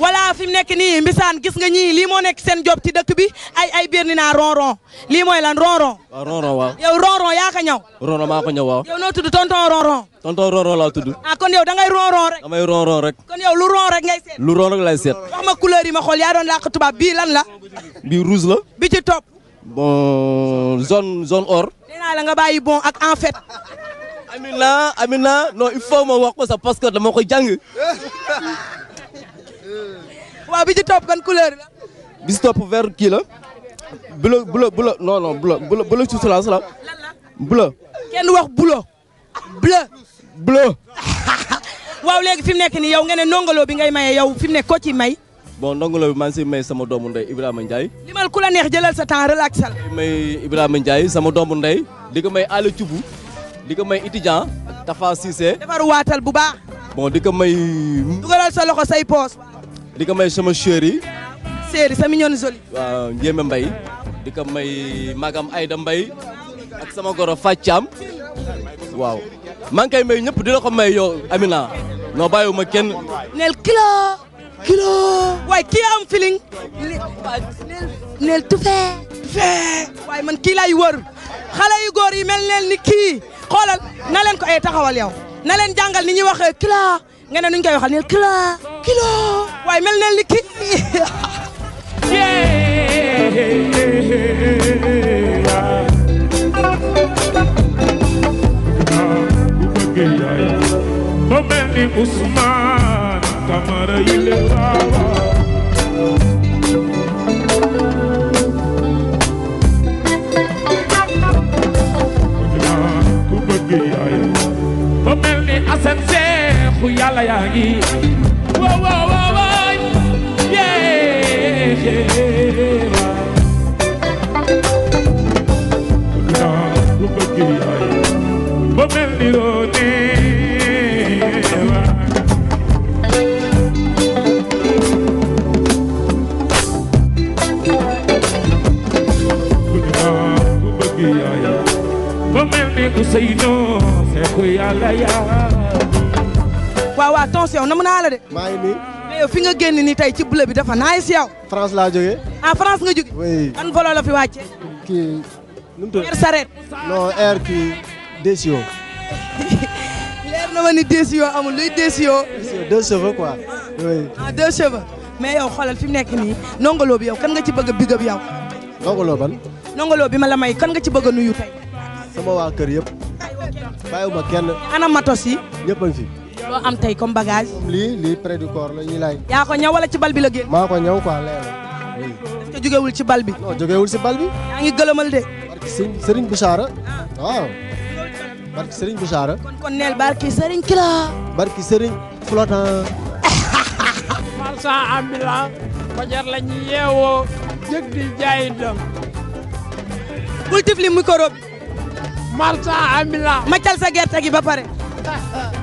voilà fi mu nekk nii Mbisaan gis nga ñi lii moo nekk seen job ci dëkk bi ay ay biir ni naa lii mooy lan ronron. waaw ronron waaw. yow ronron yaa ko ñaw. maa ko ñaw waaw. yow noo tudd tonton ronron. tonton ronron laa tudd. ah kon yow da ngay rek. damay ronron rek. kon yow lu ron rek ngay seet. lu ron rek lay seet. wax ma couleur ma xool yaa doon tubaab bii lan la. bii rouge la. bi ci topp. bon zone zone or. la nga bàyyi bon ak en fait. Amina Amina non il faut ma wax ko sax parce que dama ko jàng. Hmm. waaw bi ci topp kan couleur la. bi ci topp vert kii la. bleu bleu bleu non non bleu bleu bleu kenn wax bleu. bleu. bleu. waaw léegi fi mu nekk nii yow nga ne nongolo bi ngay maye yow fi mu nekk ci may. bon ndongolo bi maa ngi siy may sama doomu ndey Ibrahima Ndiaye. limal ku la neex jëlal sa temps relaxal. di may Ibrahima Ndiaye sama doomu ndey di ko may Aliou Thioub di ko may étudiant Tafa Cissé. waatal bu baax. bon di ko may. dugalal sa loxo say poos. di ko may sama chéri yi. chéri sa mignonne jolie. waaw Ndiémé Mbaye. di ko may magam Ayda Mbaye ak sama goro Fàccaam waaw maa ngi koy may ñëpp di may yow Amina non bàyyiwuma kenn. nel kilo kilo. waaye kii am feeling. nel tufee. tufee. waaye man kii wër xale góor yi mel neel ni kii xoolal na ko ay eh, taxawal yow na ni ñuy waxee kilo. nga ne nuñ koy waxal ne kilo kilo waaye mel na li ki bu bëgg yaay ba mel ni Ousmane Camara yi yàqu yàlla yaa ngi wow wow wow wow yeah lu bëgg yaay ba mel ni roone ba mel ni ku sey noo seexu yaa waaw waaw Tonce na nam naa la de. maa ngi nii. mais fi nga génn nii tey ci bleu bi dafa naaj si France laa jógee. ah France nga jógee. oui ban volo la fi wàccee. kii nu mu tudd air saret. non air kii Desio. leer na luy Desio. Desio deux chevaux quoi. oui ah deux chevaux. mais yow xoolal fi mu nekk nii nongolo bi yow kan nga ci bëgg a big ab yow. nongolo ban. bi ma la may kan nga ci bëgg a nuyu sama waa kër yëpp. bàyyiwuma kenn. ana matos yi. fi. loo am tey comme bagage. lii lii près du corps la ñuy laaj. yaa ko ñëw wala ci bal bi la génn. maa ko ñëw quoi leer est-ce jógewul ci bal bi. non jógewul ci bal bi. yaa ngi gëlëmal de. barki Serigne Bichara ah. waaw. barki Serigne Bichara. kon kon neel barki Serigne Kila. barki Serigne Flottant. marchand ambulant. fajar la ñu yeewoo. jëg di jaay dem. bul tifli micro bi. marchand ambulant. maccal sa gerte gi ba pare.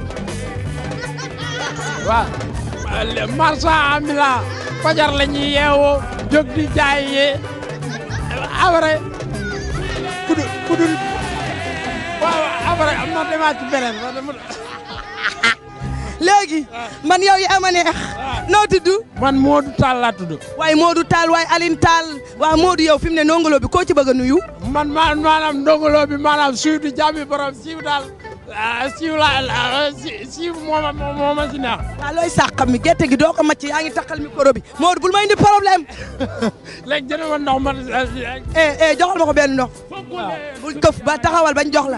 waaw marchand ambulant fajar la ñuy yeewoo jóg di jaay yee après ku dul ku dul waaw après am na demaat ci beneen léegi man yow yaa ma neex. noo tudd. man Modou Tall laa tudd. waaye Modou Tall waaye Aline Tall waaw Modou yow fi mu ne ndongolo bi koo ci bëgg nuyu. man maanaam ndongolo bi maanaam suy du jàmmi borom siiw daal. ah siiw laa la siiw moo ma moo ma si neex. waaw looy sàqam mi gerte gi doo ko màcc yaa ngi takkal micro bi Modou bul ma indi problème. léegi jënd ma ndox ah, ah. Eh, eh, ma. ko benn ndox. waaw bul këf ba taxawal bañ jox la.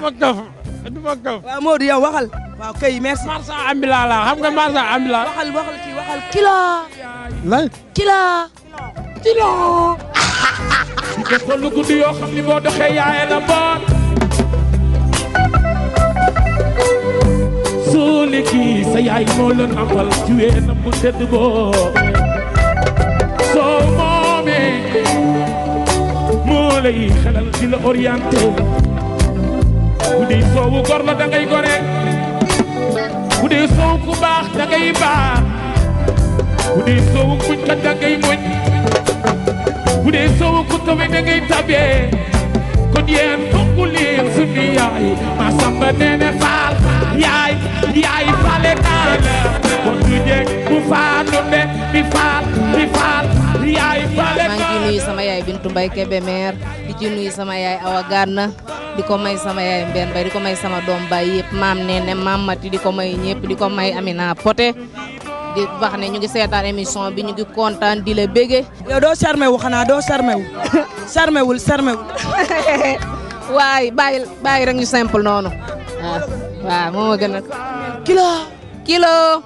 du ma këf du ma këf. waaw Modou yow waxal. waaw kay merci. marchand ambulant la xam nga marchand ambulant. waxal waxal kii waxal kilo. lan kilo. kilo. si sa yaay moo la nampal ci weenam bu tedd soo moomee moo lay di la orienté bu dee soowu gor la da gore bu dee soow ku baax da ngay baax bu soowu muñ kat da muñ bu dee soowu ku tawe da ngay tabee kon yéen bokku leen suñu yaay ma samba nee na yaay yaay fale kaana ko tujjee ku faatu ne mi faat mi faat yaay fale kaana maa ngi nuyu sama yaay Bintu Mbaye Kébé maire di ci sama yaay Awa Gana di ko may sama yaay Mbène Mbaye di ko may sama doom bay yëpp maam Nene maam Mati di ko may ñëpp di ko may Amina Poté di bax ne ñu ngi seetaan émission bi ñu ngi kontaan dila la bége. yow doo charmé xanaa doo charmé wu waay bàyyi bàyyi rek ñu simple noonu waaw moo gën gënal. kilo. kilo.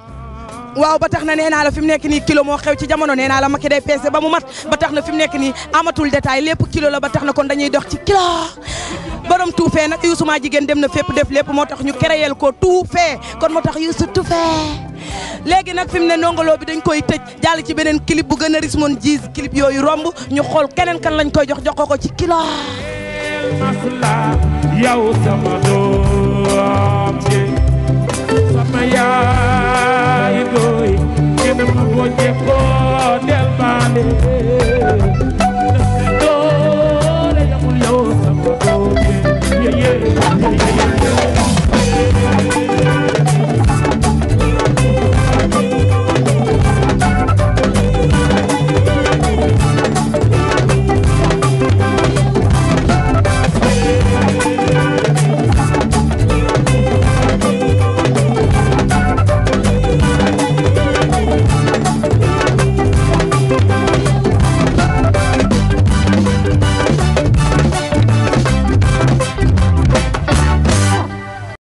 waaw ba tax na nee naa la fi mu nekk nii kilo moo xew ci jamono nee naa la Macky day peese ba mu mat ba tax na fi mu nekk nii amatul détail lépp kilo la ba tax na kon dañuy dox ci kilo. borom tuufee nag Youssou maa jigéen dem na fépp def lépp moo tax ñu créel ko tuufee kon moo tax Youssou tuufee. léegi nag fi mu ne ndongoloo bi dañ koy tëj jàll ci beneen clip bu gën a ris moon jiis clip yooyu romb ñu xool keneen kan lañ koy jox jox ko ko ci kilo. doom ci sama yaay dooy ci dama boo jekkoo del maa